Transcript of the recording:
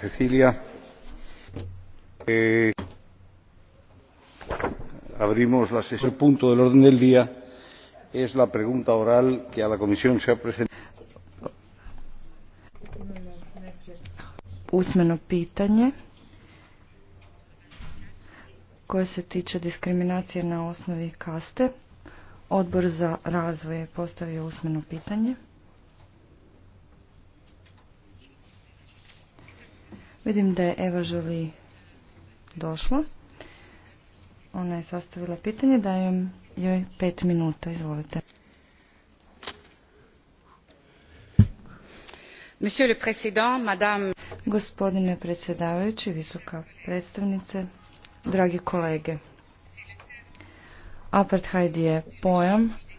Cecilia. Eh, abrimos la sesión. punto del orden del día es la pregunta oral que a la Comisión se ha Usmeno pitanje koje se tiče diskriminacije na osnovi kaste. Odbor za razvoj je postavio usmeno pitanje. Vidim da je Eva Želi došla. Ona je sastavila pitanje, dajem joj pet minuta, izvolite. Monsieur le Président, Madame... Gospodine predsjedavajući, visoka predstavnice, dragi kolege. Apartheid je pojam